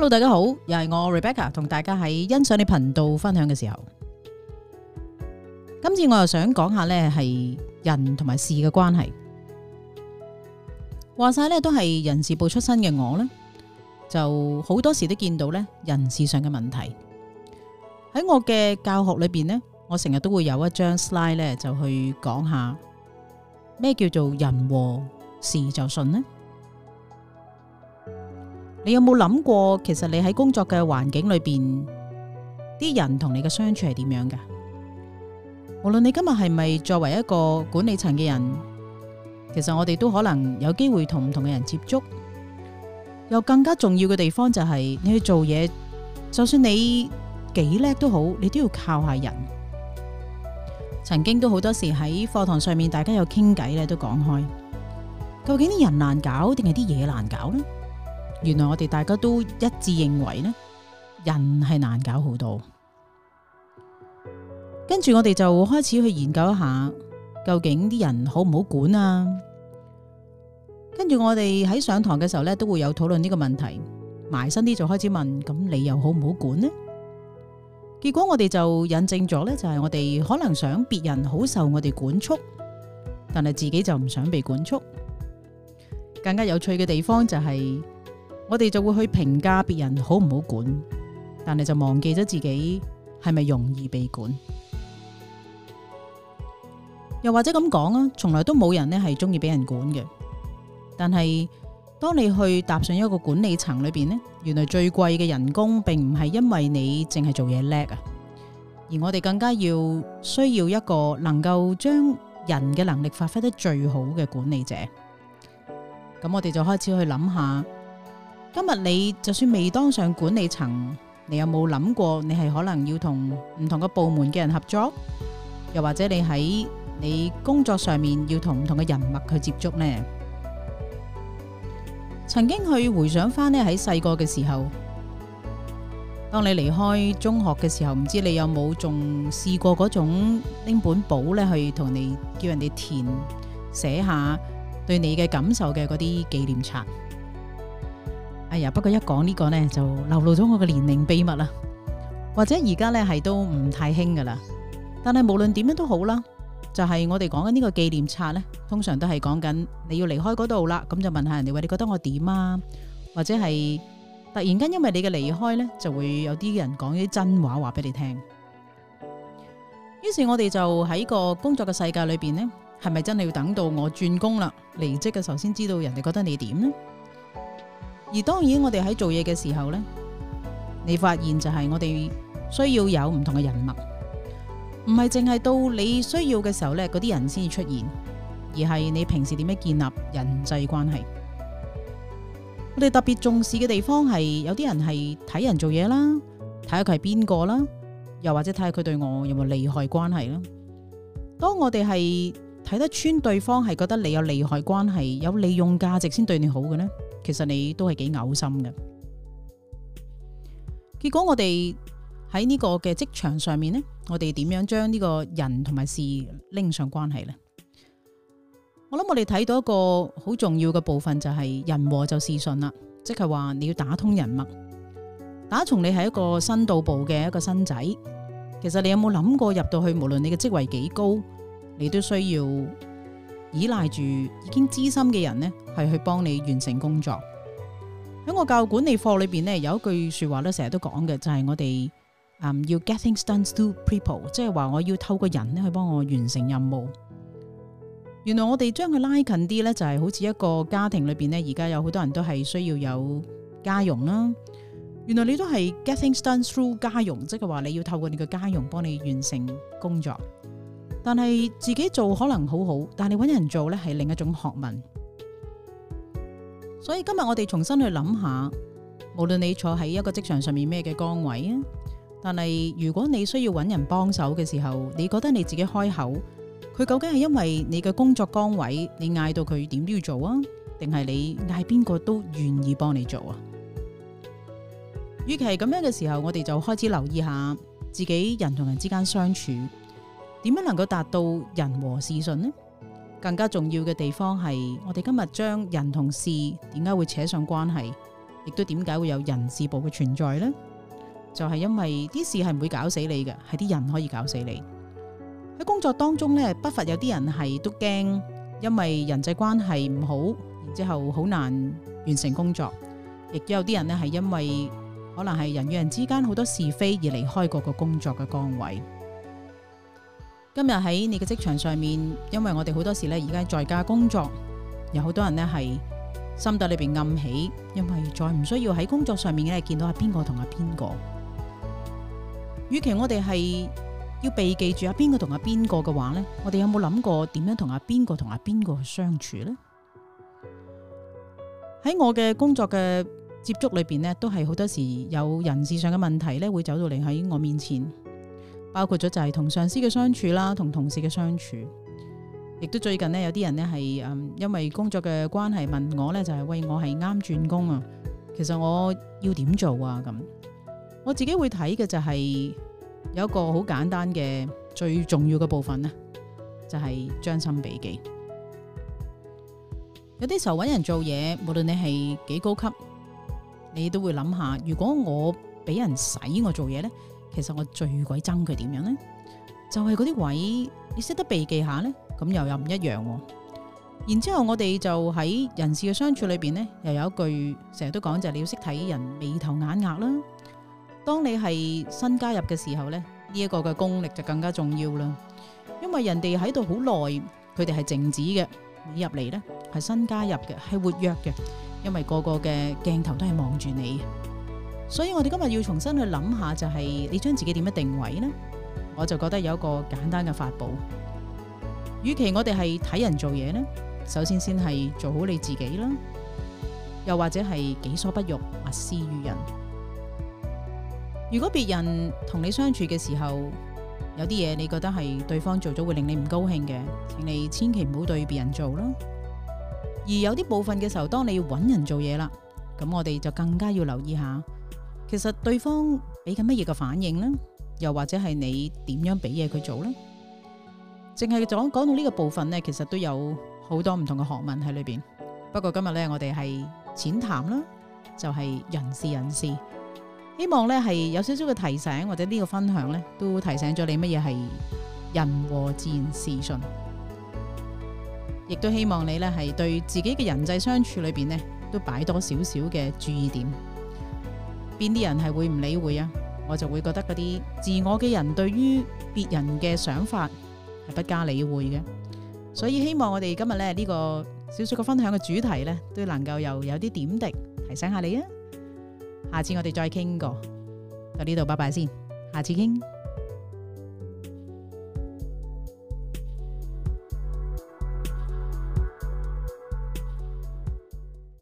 Hello，大家好，又係我 Rebecca 同大家喺欣賞你頻道分享嘅時候，今次我又想講下呢係人同埋事嘅關係。話晒呢都係人事部出身嘅我呢，就好多時都見到呢人事上嘅問題。喺我嘅教學裏邊呢，我成日都會有一張 slide 呢，就去講下咩叫做人和事就順呢。你有冇諗過，其實你喺工作嘅環境裏邊，啲人同你嘅相處係點樣㗎？無論你今日係咪作為一個管理層嘅人，其實我哋都可能有機會同唔同嘅人接觸。有更加重要嘅地方就係，你去做嘢，就算你幾叻都好，你都要靠下人。曾經都好多時喺課堂上面，大家有傾偈咧，都講開，究竟啲人難搞定係啲嘢難搞呢？原來我哋大家都一致認為呢，人係難搞好多。跟住我哋就開始去研究一下，究竟啲人好唔好管啊？跟住我哋喺上堂嘅時候呢，都會有討論呢個問題。埋身啲就開始問：「咁你又好唔好管呢？」結果我哋就引證咗呢，就係我哋可能想別人好受我哋管束，但係自己就唔想被管束。更加有趣嘅地方就係、是。我哋就會去評價別人好唔好管，但係就忘記咗自己係咪容易被管。又或者咁講啊，從來都冇人咧係中意俾人管嘅。但係當你去踏上一個管理層裏邊咧，原來最貴嘅人工並唔係因為你淨係做嘢叻啊，而我哋更加要需要一個能夠將人嘅能力發揮得最好嘅管理者。咁我哋就開始去諗下。今日你就算未當上管理層，你有冇諗過你係可能要同唔同嘅部門嘅人合作，又或者你喺你工作上面要同唔同嘅人物去接觸呢？曾經去回想翻，呢喺細個嘅時候，當你離開中學嘅時候，唔知你有冇仲試過嗰種拎本簿咧去同你叫人哋填寫下對你嘅感受嘅嗰啲紀念冊。哎呀，不過一講呢、呢個呢，就流露咗我嘅年齡秘密啦。或者而家呢係都唔太興噶啦。但係無論點樣都好啦，就係、是、我哋講緊呢個紀念冊呢，通常都係講緊你要離開嗰度啦，咁就問下人哋喂，你覺得我點啊？或者係突然間因為你嘅離開呢，就會有啲人講啲真話話俾你聽。於是我哋就喺個工作嘅世界裏邊呢，係咪真係要等到我轉工啦、離職嘅時候先知道人哋覺得你點呢？而當然，我哋喺做嘢嘅時候呢，你發現就係我哋需要有唔同嘅人脈，唔係淨係到你需要嘅時候呢嗰啲人先至出現，而係你平時點樣建立人際關係。我哋特別重視嘅地方係有啲人係睇人做嘢啦，睇下佢係邊個啦，又或者睇下佢對我有冇利害關係啦。當我哋係睇得穿對方，係覺得你有利害關係、有利用價值先對你好嘅呢。其實你都係幾嘔心嘅。結果我哋喺呢個嘅職場上面呢，我哋點樣將呢個人同埋事拎上關係呢？我諗我哋睇到一個好重要嘅部分就係人和就事順啦，即係話你要打通人脈，打從你係一個新到埗嘅一個新仔，其實你有冇諗過入到去，無論你嘅職位幾高，你都需要。依賴住已經資深嘅人呢，係去幫你完成工作。喺我教育管理課裏邊呢，有一句話呢說話咧，成日都講嘅就係、是、我哋，嗯，要 getting done through people，即係話我要透過人呢去幫我完成任務。原來我哋將佢拉近啲呢，就係、是、好似一個家庭裏邊呢。而家有好多人都係需要有家傭啦。原來你都係 getting done through 家傭，即係話你要透過你嘅家傭幫你完成工作。但係自己做可能好好，但係你搵人做咧係另一種學問。所以今日我哋重新去諗下，無論你坐喺一個職場上面咩嘅崗位啊，但係如果你需要搵人幫手嘅時候，你覺得你自己開口，佢究竟係因為你嘅工作崗位，你嗌到佢點都要做啊？定係你嗌邊個都願意幫你做啊？與其係咁樣嘅時候，我哋就開始留意下自己人同人之間相處。點樣能夠達到人和事順呢？更加重要嘅地方係，我哋今日將人同事點解會扯上關係，亦都點解會有人事部嘅存在呢？就係因為啲事係唔會搞死你嘅，係啲人可以搞死你。喺工作當中呢，不乏有啲人係都驚，因為人際關係唔好，然之後好難完成工作；亦都有啲人呢，係因為可能係人與人之間好多是非而離開嗰個工作嘅崗位。今日喺你嘅職場上面，因為我哋好多時咧而家在家工作，有好多人呢係心底裏邊暗喜，因為再唔需要喺工作上面咧見到阿邊個同阿邊個。與其我哋係要被記住阿邊個同阿邊個嘅話呢，我哋有冇諗過點樣同阿邊個同阿邊個去相處呢？喺我嘅工作嘅接觸裏邊呢，都係好多時有人事上嘅問題咧，會走到嚟喺我面前。包括咗就係同上司嘅相處啦，同同事嘅相處，亦都最近呢，有啲人呢係嗯，因為工作嘅關係問我呢，就係，喂，我係啱轉工啊，其實我要點做啊？咁我自己會睇嘅就係有一個好簡單嘅最重要嘅部分呢，就係將心比己。有啲時候搵人做嘢，無論你係幾高級，你都會諗下，如果我俾人使我做嘢呢？」其實我最鬼憎佢點樣呢？就係嗰啲位，你識得避忌下呢，咁又又唔一樣、哦。然之後我哋就喺人事嘅相處裏邊呢，又有一句成日都講就係你要識睇人眉頭眼額啦。當你係新加入嘅時候呢，呢、呢、一個嘅功力就更加重要啦。因為人哋喺度好耐，佢哋係靜止嘅，你入嚟呢，係新加入嘅，係活躍嘅，因為個個嘅鏡頭都係望住你。所以我哋今日要重新去諗下，就係你將自己點樣定位呢？我就覺得有一個簡單嘅法寶。與其我哋係睇人做嘢呢，首先先係做好你自己啦。又或者係己所不欲，勿施於人。如果別人同你相處嘅時候，有啲嘢你覺得係對方做咗會令你唔高興嘅，請你千祈唔好對別人做啦。而有啲部分嘅時候，當你要搵人做嘢啦，咁我哋就更加要留意下。其實對方俾緊乜嘢個反應呢？又或者係你點樣俾嘢佢做呢？淨係講講到呢個部分呢，其實都有好多唔同嘅學問喺裏邊。不過今日呢，我哋係淺談啦，就係人事人事。希望呢係有少少嘅提醒，或者呢個分享呢都提醒咗你乜嘢係人和自然事順。亦都希望你呢係對自己嘅人際相處裏邊呢，都擺多少少嘅注意點。邊啲人係會唔理會啊？我就會覺得嗰啲自我嘅人對於別人嘅想法係不加理會嘅，所以希望我哋今日咧呢個小說嘅分享嘅主題咧都能夠又有啲點，點滴提醒下你啊！下次我哋再傾過，到呢度拜拜先，下次傾。